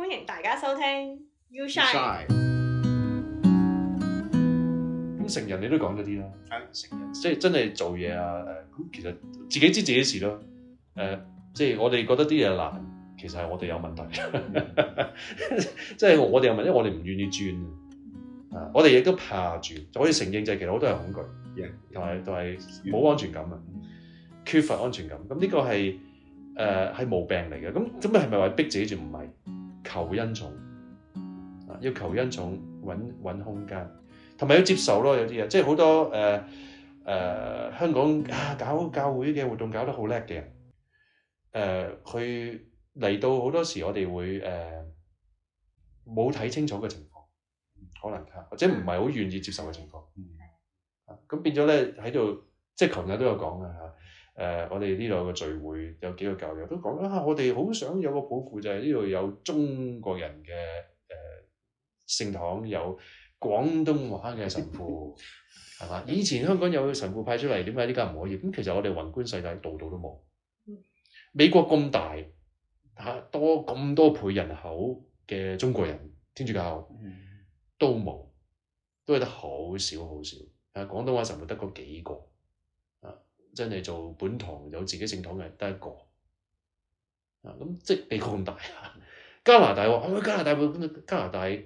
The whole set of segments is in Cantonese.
歡迎大家收聽。You Shine 咁成人，你都講咗啲啦，成人，即係真係做嘢啊。誒，其實自己知自己事咯。誒，即係我哋覺得啲嘢難，其實係我哋有問題。即係我哋有問題，我哋唔願意轉啊，我哋亦都怕住，就可以承認就係其實好多人恐懼，同埋同係冇安全感啊，缺乏安全感。咁呢個係誒係毛病嚟嘅。咁咁你係咪話逼自己住？唔係。求恩寵啊，要求恩寵，揾揾空間，同埋要接受咯，有啲嘢，即係好多誒誒、呃呃、香港啊搞教會嘅活動搞得好叻嘅人，誒去嚟到好多時，我哋會誒冇睇清楚嘅情況，可能啊，或者唔係好願意接受嘅情況，嗯、啊咁變咗咧喺度，即係琴日都有講嘅嚇。啊。誒、呃，我哋呢度個聚會有幾個教友都講啊，我哋好想有個保護，就係呢度有中國人嘅誒、呃、聖堂，有廣東話嘅神父，係嘛？ 以前香港有神父派出嚟，點解呢家唔可以？咁其實我哋宏觀世界，度度都冇。美國咁大嚇、啊，多咁多倍人口嘅中國人天主教都冇，都係得好少好少。誒、啊，廣東話神父得嗰幾個。真係做本堂有自己聖堂嘅得一個啊！咁即係你講咁大啊？加拿大話啊，加拿大，加拿大誒、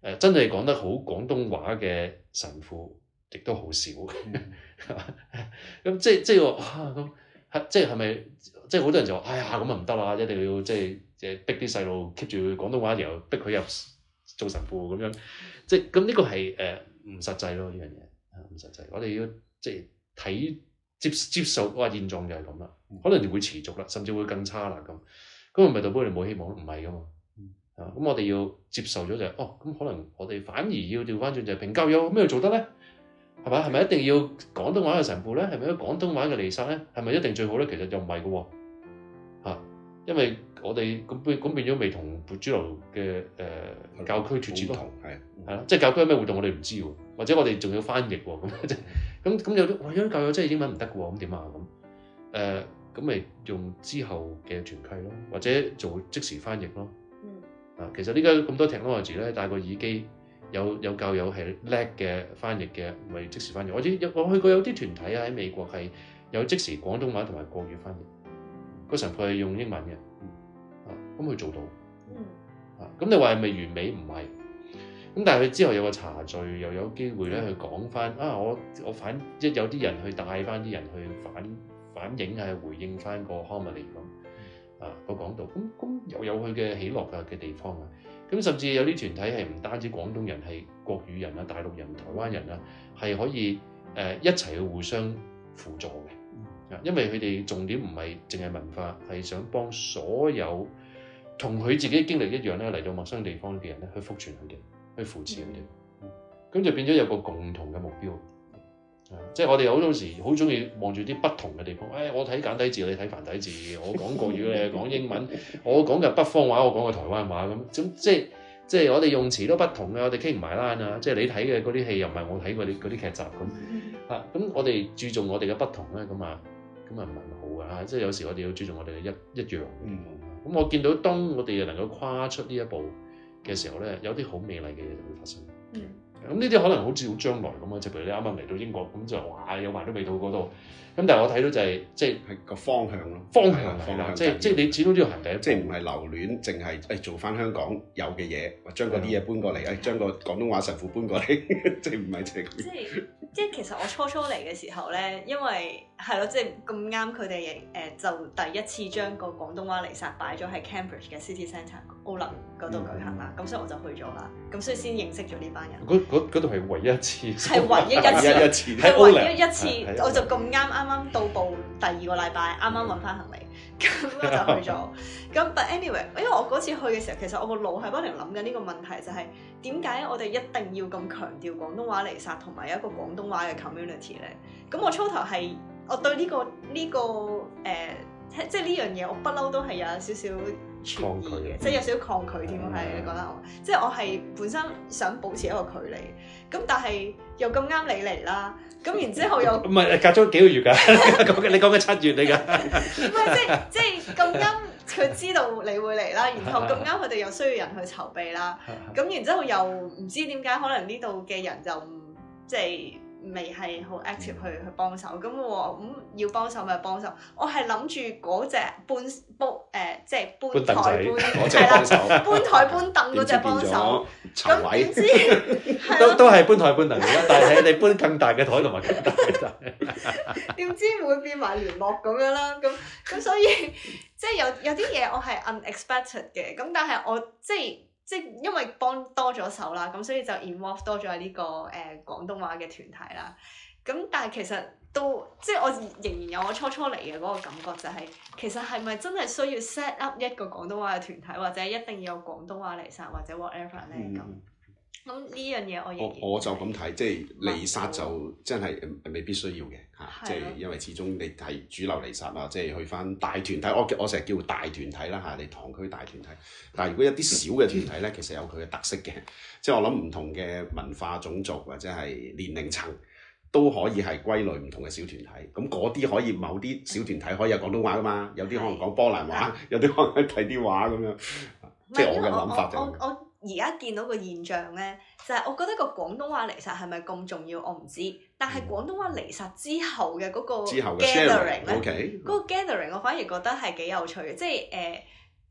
呃，真係講得好廣東話嘅神父亦都好少，咁、啊、即係即係話咁，即係係咪即係好多人就話哎呀咁啊唔得啦！一定要即係誒逼啲細路 keep 住廣東話，然後逼佢入做神父咁樣，即係咁呢個係誒唔實際咯呢樣嘢啊唔實際。我哋要即係睇。接接受哇現狀就係咁啦，可能就會持續啦，甚至會更差啦咁，咁咪咪代表我哋冇希望咯？唔係㗎嘛，嗯、啊咁我哋要接受咗就係、是、哦，咁可能我哋反而要調返轉就係平教友咩做得咧，係嘛？係咪一定要廣東話嘅神父咧？係咪要廣東話嘅彌撒咧？係咪一定最好呢？其實又唔係㗎喎，因為我哋咁變咁變咗未同主流嘅、呃嗯、教區脫節同，係係咯，嗯嗯、即係、嗯、教區有咩活動我哋唔知喎。或者我哋仲要翻譯喎、喔，咁咁咁有啲，有啲教友真係英文唔得嘅喎，咁點啊咁？誒，咁、呃、咪用之後嘅傳譯咯，或者做即時翻譯咯。啊，其實呢家咁多 technology 咧，戴個耳機，有有教友係叻嘅翻譯嘅，咪、就是、即時翻譯。我知，我去過有啲團體啊，喺美國係有即時廣東話同埋國語翻譯，個神父係用英文嘅。嗯、啊。咁佢做到。嗯、啊。咁你話係咪完美？唔係。咁但係佢之後有個茶敍，又有機會咧去講翻啊！我我反即有啲人去帶翻啲人去反反映啊、回應翻個 homily 咁啊、那個講道咁，咁又有佢嘅喜樂啊嘅地方啊。咁甚至有啲團體係唔單止廣東人，係國語人啊、大陸人、台灣人啊，係可以誒一齊去互相輔助嘅。啊，因為佢哋重點唔係淨係文化，係想幫所有同佢自己經歷一樣咧嚟到陌生地方嘅人咧去復傳佢哋。去扶持佢哋，跟住變咗有個共同嘅目標，啊！即係我哋好多時好中意望住啲不同嘅地方。誒、哎，我睇簡體字，你睇繁體字；我講國語，你係講英文；我講嘅北方話，我講嘅台灣話咁。即係即係我哋用詞都不同嘅啊！我哋傾唔埋欄啊！即係你睇嘅嗰啲戲又唔係我睇啲嗰啲劇集咁啊！咁我哋注重我哋嘅不同咧，咁啊，咁啊唔係好噶，即係有時我哋要注重我哋一一樣。咁、嗯、我見到當我哋又能夠跨出呢一步。嘅時候咧，有啲好美麗嘅嘢就會發生。嗯，咁呢啲可能好似好將來咁啊，即係譬如你啱啱嚟到英國咁就哇，有話都未到嗰度。咁但係我睇到就係即係個方向咯，方向係啦，即係即係你始終都要行第一，即係唔係留戀，淨係誒做翻香港有嘅嘢，或將嗰啲嘢搬過嚟，誒將個廣東話神父搬過嚟， 即係唔係即係。即係即係其實我初初嚟嘅時候咧，因為係咯，即係咁啱佢哋誒就第一次將個廣東話嚟曬擺咗喺 Cambridge 嘅 City Centre 澳林嗰度舉行啦，咁所以我就去咗啦，咁所以先認識咗呢班人。嗰度係唯一一次，係 唯一一次，係 唯一一次， 我就咁啱啱啱到步第二個禮拜，啱啱揾翻行李，咁我就去咗。咁 But anyway，因為我嗰次去嘅時候，其實我個腦係不停諗緊呢個問題，就係，就係點解我哋一定要咁強調廣東話嚟殺，同埋有一個廣東話嘅 community 咧？咁我初頭係我對呢、呢個呢、呢個誒、呃，即係呢樣嘢，我不嬲都係有少少。意抗拒嘅，即係有少少抗拒添咯。係你講得啱， 嗯、即係我係本身想保持一個距離，咁但係又咁啱你嚟啦。咁然之後又唔係、嗯嗯嗯嗯、隔咗幾個月㗎。咁 你講緊七月嚟㗎？唔係 即係即係咁啱佢知道你會嚟啦。然後咁啱佢哋又需要人去籌備啦。咁 然之後又唔 知點解可能呢度嘅人就唔，即係。未係好 active 去去幫手，咁我咁要幫手咪幫手。我係諗住嗰隻搬煲誒、呃，即係搬台搬台，係啦搬台搬凳嗰隻幫手。咁點知都都係搬台搬凳而家，但係你搬更大嘅台同埋更大嘅台，點 知會變埋聯絡咁樣啦？咁咁所以即係有有啲嘢我係 unexpected 嘅，咁但係我即係。即係因為幫多咗手啦，咁所以就 involve 多咗呢、這個誒廣、呃、東話嘅團體啦。咁但係其實都即係我仍然有我初初嚟嘅嗰個感覺、就係，就係其實係咪真係需要 set up 一個廣東話嘅團體，或者一定要有廣東話嚟晒，或者 whatever 咧咁。嗯咁呢樣嘢我我我就咁睇，即係離煞就真係未必需要嘅嚇，即係的因為始終你係主流離煞啊，即係去翻大團體，我我成日叫大團體啦嚇，你堂區大團體。但係如果一啲小嘅團體咧， 其實有佢嘅特色嘅，即係我諗唔同嘅文化種族或者係年齡層都可以係歸類唔同嘅小團體。咁嗰啲可以某啲小團體可以有廣東話噶嘛，有啲可能講波蘭話，有啲可能睇啲話咁樣，即係我嘅諗法就。而家見到個現象咧，就係、是、我覺得個廣東話離實係咪咁重要，我唔知。但係廣東話離實之後嘅嗰個 gathering 咧，嗰個 gathering 我反而覺得係幾有趣嘅，即係誒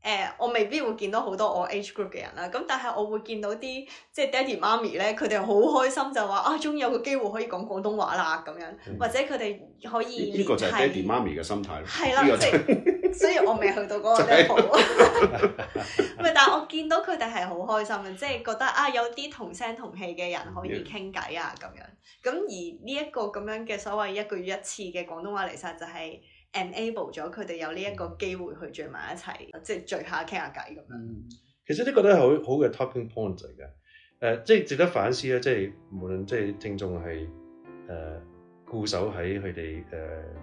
誒，我未必會見到好多我 age group 嘅人啦。咁但係我會見到啲即係爹哋媽咪咧，佢哋好開心就話啊，終於有個機會可以講廣東話啦咁樣，嗯、或者佢哋可以，呢個就係爹哋媽咪嘅心態咯，啦的，最、就是。 所以 我未去到嗰個 level 啊，唔係，但係我見到佢哋係好開心嘅，即係覺得啊，有啲同聲同氣嘅人可以傾偈啊，咁樣。咁而呢一個咁樣嘅所謂一個月一次嘅廣東話嚟曬，就係 enable 咗佢哋有呢一個機會去聚埋一齊，即係 聚下傾下偈咁樣，嗯。其實呢個都係好好嘅 talking point 嚟嘅，誒，即係值得反思咧，即係無論即係聽眾係誒。Uh, 固守喺佢哋誒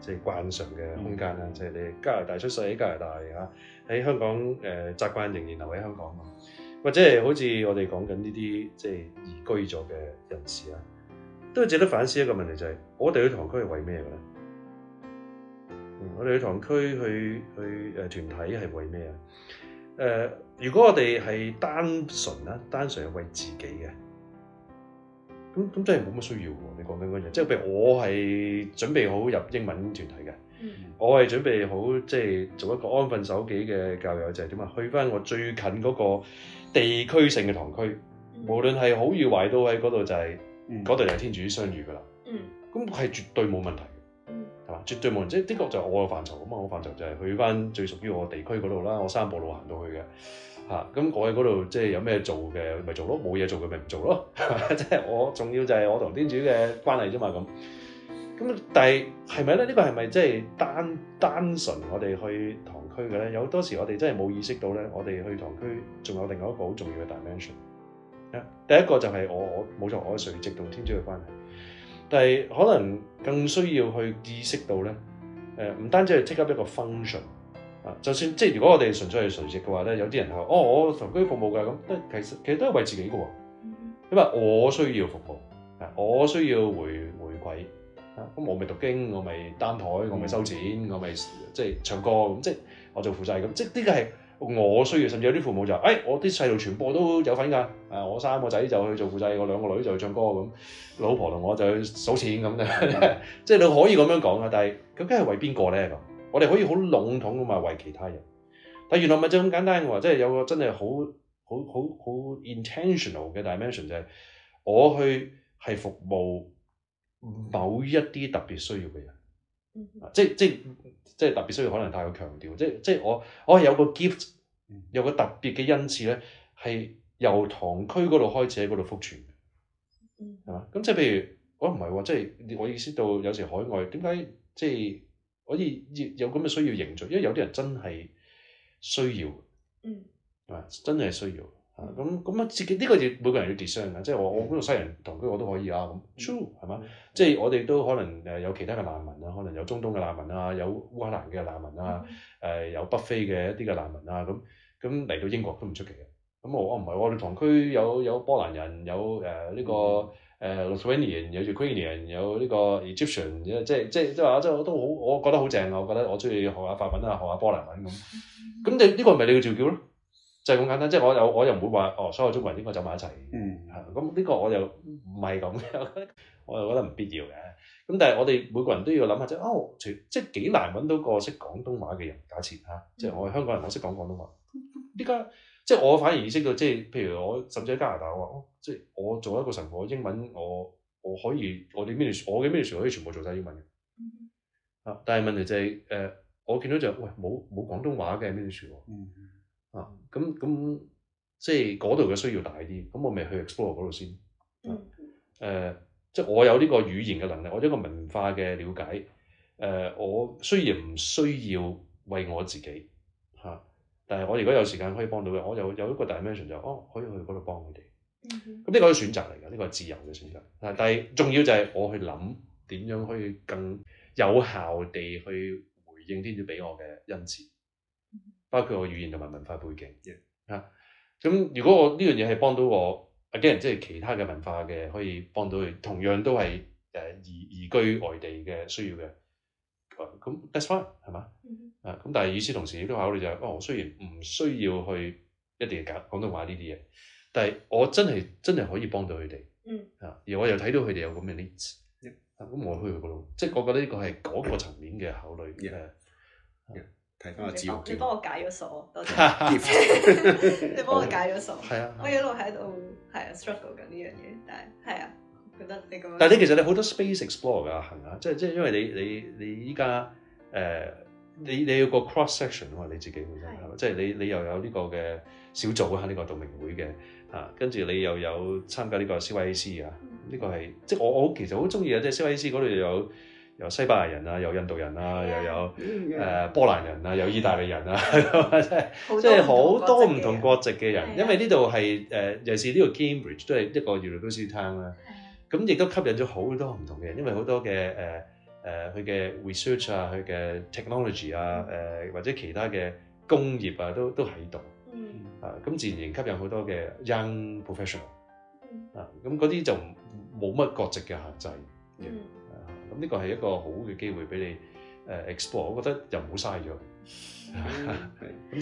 即係慣常嘅空間，即係你加拿大出世喺加拿大嚇，喺香港誒、呃、習慣仍然留喺香港，或者好似我哋講緊呢啲即係移居咗嘅人士，都值得反思一個問題，就是，就係我哋去堂區係為咩嘅咧？嗯，我哋去堂區去去誒團體係為咩，呃、如果我哋係單純啦，單純係為自己嘅。咁真係冇乜需要喎！你講緊嗰樣，即係譬如我係準備好入英文團體嘅，我係準備好即係做一個安分守己嘅教友，就係點啊？去返我最近嗰個地區性嘅堂區，無論係好與壞，都喺嗰度就係嗰度就係天主相遇㗎喇。咁係絕對冇問題，係嘛？絕對冇問題，即係的確就係我嘅範疇。咁啊，我嘅範疇就係去返最屬於我地區嗰度啦。我三步路行到去嘅。嚇，咁、嗯、我喺嗰度即係有咩做嘅，咪做咯；冇嘢做嘅咪唔做咯。呵呵，即係我仲要就係我同天主嘅關係啫嘛咁。咁但係係咪咧？是是呢個係咪即係單單純我哋去堂區嘅咧？有好多時我哋真係冇意識到咧，我哋去堂區仲有另外一個好重要嘅 dimension。第一個就係我我冇錯，我嘅垂直同天主嘅關係。但係可能更需要去意識到咧，誒、呃、唔單止係 take up 一個 function。啊，就算即係如果我哋純粹係垂直嘅話呢，有啲人係話哦，我同佢服務嘅，其實，其實都係為自己嘅。因為我需要服務，我需要回回饋。啊，我咪讀經，我咪擔台，我咪收錢，嗯、我咪唱歌咁，即係我做副祭咁。即係呢個係我需要，甚至有啲父母就誒、哎，我啲細路全部都有份㗎。誒，我三個仔就去做副祭，我兩個女就去唱歌咁，老婆同我就去數錢咁嘅。嗯、 即係你可以咁樣講啊，但係咁梗係為邊個咧咁？我哋可以好籠統咁嘛，為其他人。但原來咪就咁簡單嘅喎，即係有個真係好好好好 intentional 嘅 dimension 就係，我去係服務某一啲特別需要嘅人。Mm hmm. 即即即特別需要，可能太過強調。即即我我係有個 gift，有個特別嘅恩賜咧，係由堂區嗰度開始喺嗰度復傳。係嘛、mm？咁、hmm. 即譬如，我唔係喎，即係我意識到有時海外點解即係？可以亦有咁嘅需要營造，因為有啲人真係需要，嗯，係真係需要嚇。咁咁、嗯、啊，自己呢、這個要，每個人要 decision 嘅，即、就、係、是、我我嗰度、那個、西人同居我都可以啊。咁 true 係嘛？即係、嗯就是、我哋都可能誒有其他嘅難民啊，可能有中東嘅難民啊，有烏克蘭嘅難民啊，誒、嗯呃、有北非嘅一啲嘅難民啊。咁咁嚟到英國都唔出奇嘅。咁我、啊、我唔係我哋同居有有，有波蘭人有誒呢、呃這個。嗯誒 Lithuania、呃、有 Ukraine 有呢個 Egyptian，即即即話即我都好，我覺得好正啊！我覺得我中意學下法文啊，學下波蘭文咁。咁你呢個唔係你嘅召叫咯，就係、是、咁簡單。即我，我又我又唔會話哦，所有中國人應該走埋一齊。嗯，係、嗯。咁呢個我又唔係咁嘅，我又覺得唔必要嘅。咁但係我哋每個人都要諗下即哦，除即幾難揾到個識廣東話嘅人。假設啊，嗯、即我係香港人，我識講廣東話。而家？即係我反而意識到，即係譬如我甚至喺加拿大，我即係我做一個神父，英文我我可以，我哋 ministry 我嘅 ministry 可以全部做晒英文嘅。Mm hmm. 啊，但係問題就係、是、誒、呃，我見到就係、是、喂，冇冇廣東話嘅 ministry 喎。啊，咁咁、mm hmm. 啊、即係嗰度嘅需要大啲，咁我咪去 explore 嗰度先。誒、mm hmm. 啊，即係我有呢個語言嘅能力，我有一個文化嘅了解。誒、啊，我雖然唔需要為我自己。但係我如果有時間可以幫到嘅，我有有一個 dimension 就是、哦，可以去嗰度幫佢哋。咁呢個係選擇嚟㗎，呢個係自由嘅選擇。但係重要就係我去諗點樣可以更有效地去回應天主俾我嘅恩賜，包括我語言同埋文化背景先嚇。咁 Yeah.、啊嗯、如果我呢樣嘢係幫到我 again，即係其他嘅文化嘅可以幫到佢，同樣都係誒移移居外地嘅需要嘅。咁、啊、that's fine 係嘛？Mm hmm. 啊！咁但係與此同時，亦都考慮就係，哦，我雖然唔需要去一定講廣東話呢啲嘢，但係我真係真係可以幫到佢哋。嗯。啊，而我又睇到佢哋有咁嘅樣啲，咁我去佢嗰度，即係我覺得呢個係嗰個層面嘅考慮。睇翻個節目，你幫我解咗鎖，多謝。你幫我解咗鎖，係啊。我一路喺度係啊，struggle 緊呢樣嘢，但係係啊，覺得你咁樣。但係你其實你好多 space explore 噶，係咪啊？即係即係因為你你你依家誒。你你要個 cross section 喎，你自己本身係嘛？即係的你你又有呢個嘅小組喺呢、這個讀明會嘅嚇，跟、啊、住你又有參加呢個 c w a c 啊？呢個係即係我我其實好中意啊！即係 CWAAC 嗰度又有有西班牙人啊，有印度人啊，嗯、又有誒、嗯、波蘭人啊，有意大利人啊，即係好多唔 同國籍嘅人。因為呢度係誒，尤其是呢個 Cambridge 都係一個 university town 啦。咁亦都吸引咗好多唔同嘅人，因為好多嘅誒。誒佢嘅 research 啊，佢嘅 technology 啊，誒或者其他嘅工業啊，都都喺度。嗯。啊，咁自然吸引好多嘅 young professional。啊，咁嗰啲就冇乜國籍嘅限制。咁呢個係一個好嘅機會俾你誒 e x p l o r e，我覺得又唔好嘥咗。咁、嗯、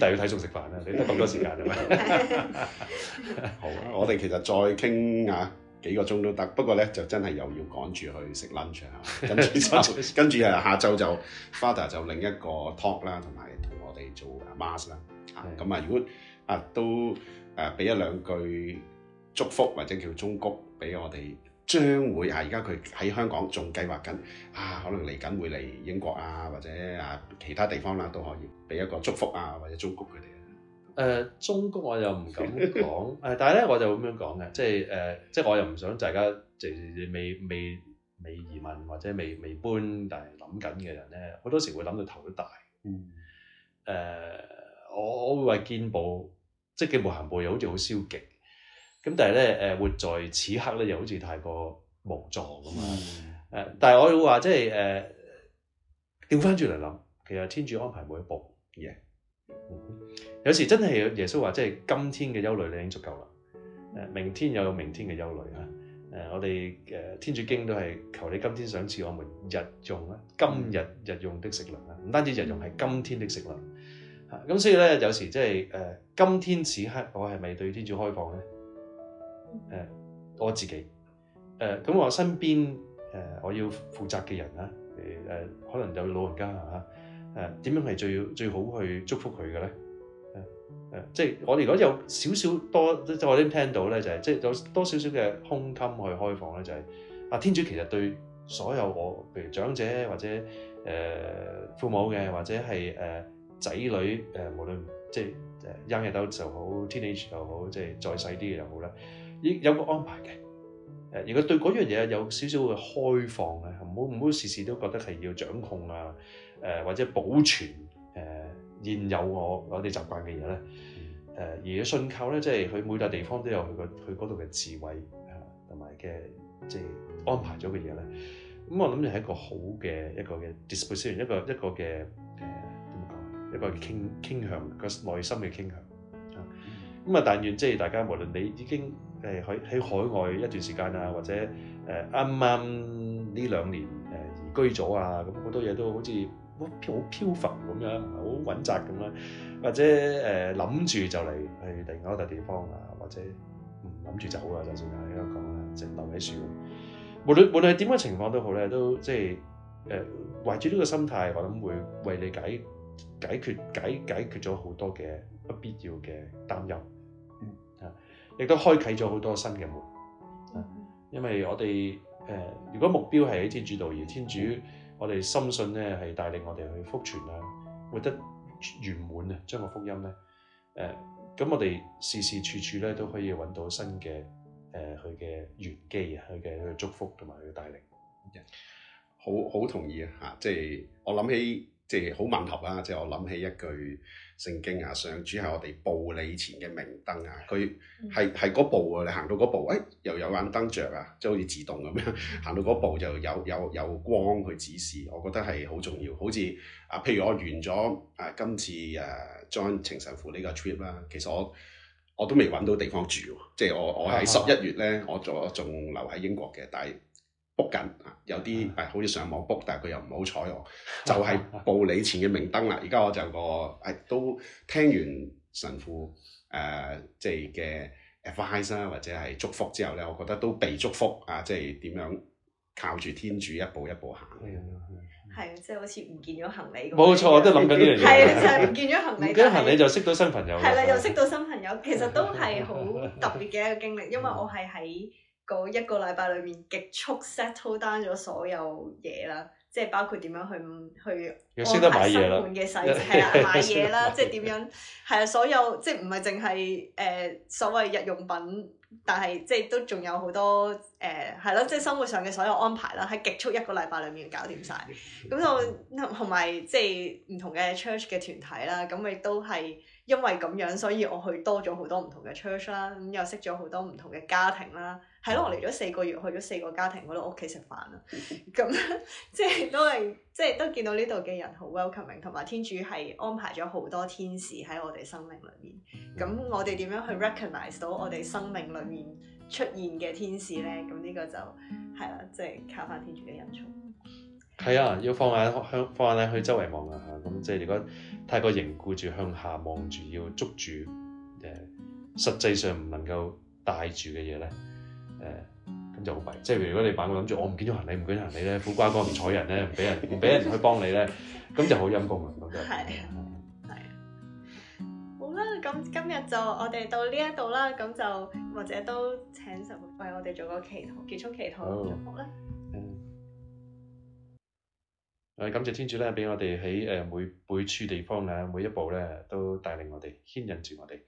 但係要睇餸食飯啦，你得咁多時間係咪？ 好，我哋其實再傾下。幾個鐘都得，不過咧就真係又要趕住去食 lunch 啊，跟住就 跟住誒下晝就 Father 就另一個 talk 啦的，同埋同我哋做 mass 啦，啊咁啊如果啊都誒俾一兩句祝福或者叫忠告俾我哋，將會啊而家佢喺香港仲計劃緊啊，可能嚟緊會嚟英國啊或者啊其他地方啦、啊、都可以俾一個祝福啊或者忠告佢哋。誒、呃、中國我又唔敢講，誒但係咧我就咁樣講嘅，即係誒、呃、即係我又唔想大家即係未未未移民或者未未搬，但係諗緊嘅人咧，好多時會諗到頭都大。嗯，誒、呃、我我會話見步，即係見步行步又好似好消極，咁但係咧誒活在此刻咧又好似太過無助咁啊！誒、嗯呃、但係我會話即係誒調翻轉嚟諗，其實天主安排每一步嘢。Yeah. 嗯、有時真係耶穌話，即係今天嘅憂慮你已經足夠啦。誒，明天又有明天嘅憂慮啊。誒、呃，我哋誒、呃、天主經都係求你今天賞賜我們日用啊，今日日用的食糧啊，唔單止日用係今天的食糧。咁、啊、所以咧，有時即係誒、呃，今天此刻我係咪對天主開放咧？誒、啊，我自己。誒、呃，咁我身邊誒、呃、我要負責嘅人啊，誒、呃，可能有老人家啊。誒點、啊、樣係最最好去祝福佢嘅咧？誒、啊、誒、啊，即係我哋如果有少少多，即係我哋聽到咧，就係即係有多少少嘅胸襟去開放咧，就係、是、啊，天主其實對所有我，譬如長者或者誒父母嘅，或者係誒仔女誒、呃，無論即係 young 嘅都就好，teenage 又好，即係再細啲嘅又好咧，亦有個安排嘅。誒、啊，而佢對嗰樣嘢有少少嘅開放嘅，唔好唔好，事事都覺得係要掌控啊！誒或者保存誒、呃、現有我我哋習慣嘅嘢咧，誒、嗯、而信靠咧，即係佢每笪地方都有佢個佢嗰度嘅智慧嚇，同埋嘅即係安排咗嘅嘢咧。咁、嗯、我諗就係一個好嘅一個嘅 disposition，一個一個嘅誒點講，一個傾傾向個內心嘅傾向嚇。咁、嗯、啊，嗯、但願即係大家無論你已經誒喺喺海外一段時間啊，或者誒啱啱呢兩年誒移居咗啊，咁好多嘢都好似～飄好漂浮咁樣，唔係好穩扎咁樣，或者誒諗住就嚟去另一個地方啊，或者唔諗住就好啊。就算喺香港啦，即係留喺樹。無論無論係點樣情況都好咧，都即係誒，懷住呢個心態，我諗會為你解解決解解決咗好多嘅不必要嘅擔憂，吓、啊，亦都開啟咗好多新嘅門、啊。因為我哋誒、呃，如果目標係喺天主導而天主。我哋深信咧，係帶領我哋去福傳啊，活得圓滿啊，將個福音呢，誒、呃，咁我哋事事處處都可以揾到新嘅誒，佢嘅玄機啊，佢嘅祝福同埋佢嘅帶領，好好同意啊！嚇，即係我諗起。即係好吻合啊！即、就、係、是、我諗起一句聖經啊，上主係我哋步你前嘅明燈啊。佢係係嗰步啊，你行到嗰步，誒、哎、又有盞燈著啊，即係好似自動咁樣，行到嗰步就有有有光去指示。我覺得係好重要。好似啊，譬如我完咗啊，今次誒、啊、join 情神父呢個 trip 啦，其實我我都未揾到地方住喎、啊。即、就、係、是、我我喺十一月咧，我仲仲、啊、留喺英國嘅，但係。book 緊，有啲係好似上網 book，但係佢又唔好彩喎，就係、是、報你前嘅明燈啦。而家我就個，係、哎、都聽完神父誒、呃，即係嘅 advice 啊，或者係祝福之後咧，我覺得都被祝福啊，即係點樣靠住天主一步一步行。係啊，即係好似唔見咗行李咁。冇錯，我都諗緊呢啲嘢。係啊，就係、是、唔見咗行李。是唔見咗行李就識到新朋友。係啦，又識到新朋友，的其實都係好特別嘅一個經歷，因為我係喺。一個禮拜裏面極速 settle down 咗所有嘢啦，即係包括點樣去去安排買生活嘅細節、買嘢啦， 即係點樣係啊？所有即係唔係淨係誒所謂日用品，但係即係都仲有好多誒係咯，即係、呃、生活上嘅所有安排啦，喺極速一個禮拜裏面搞掂晒，咁就同埋即係唔同嘅 church 嘅團體啦，咁亦都係因為咁樣，所以我去多咗好多唔同嘅 church 啦，咁又識咗好多唔同嘅家庭啦。係咯，我嚟咗四個月，去咗四個家庭嗰度屋企食飯啦。咁即係都係，即係都見到呢度嘅人好 welcoming，同埋天主係安排咗好多天使喺我哋生命裏面。咁、嗯、我哋點樣去 recognize 到我哋生命裏面出現嘅天使咧？咁呢個就係啦，即係、就是、靠翻天主嘅人。從。係啊，要放眼向，放眼去周圍望啊。咁即係如果太過凝固住向下望住，要捉住誒實際上唔能夠帶住嘅嘢咧。誒，咁、嗯、就好弊，即係如果你扮我諗住，我唔見咗行李，唔見咗行李咧，苦瓜哥唔睬人咧，唔俾人唔俾人去幫你咧，咁就好陰公咁樣。係，係。好啦，咁今日就我哋到呢一度啦，咁就或者都請神父為我哋做個祈禱，結束祈禱祝福咧。好嗯。我哋感謝天主咧，俾我哋喺誒每每處地方咧，每一步咧，都帶領我哋牽引住我哋。誒、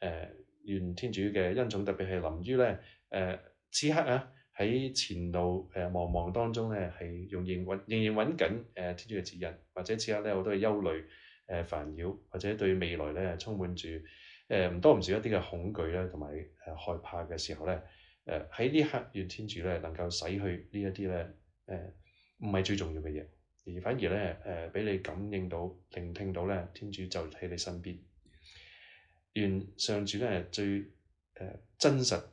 呃，願天主嘅恩寵特別係臨於咧。誒、呃、此刻啊，喺前路誒茫茫當中咧，係用仍揾仍然揾緊誒天主嘅指引，或者此刻咧好多嘅憂慮、誒、呃、煩擾，或者對未來咧充滿住誒唔多唔少一啲嘅恐懼咧，同埋誒害怕嘅時候咧，誒喺呢刻願、呃、天主咧能夠洗去呢一啲咧誒唔係最重要嘅嘢，而反而咧誒俾你感應到、聆聽到咧，天主就喺你身邊。願上主咧最誒、呃、真實。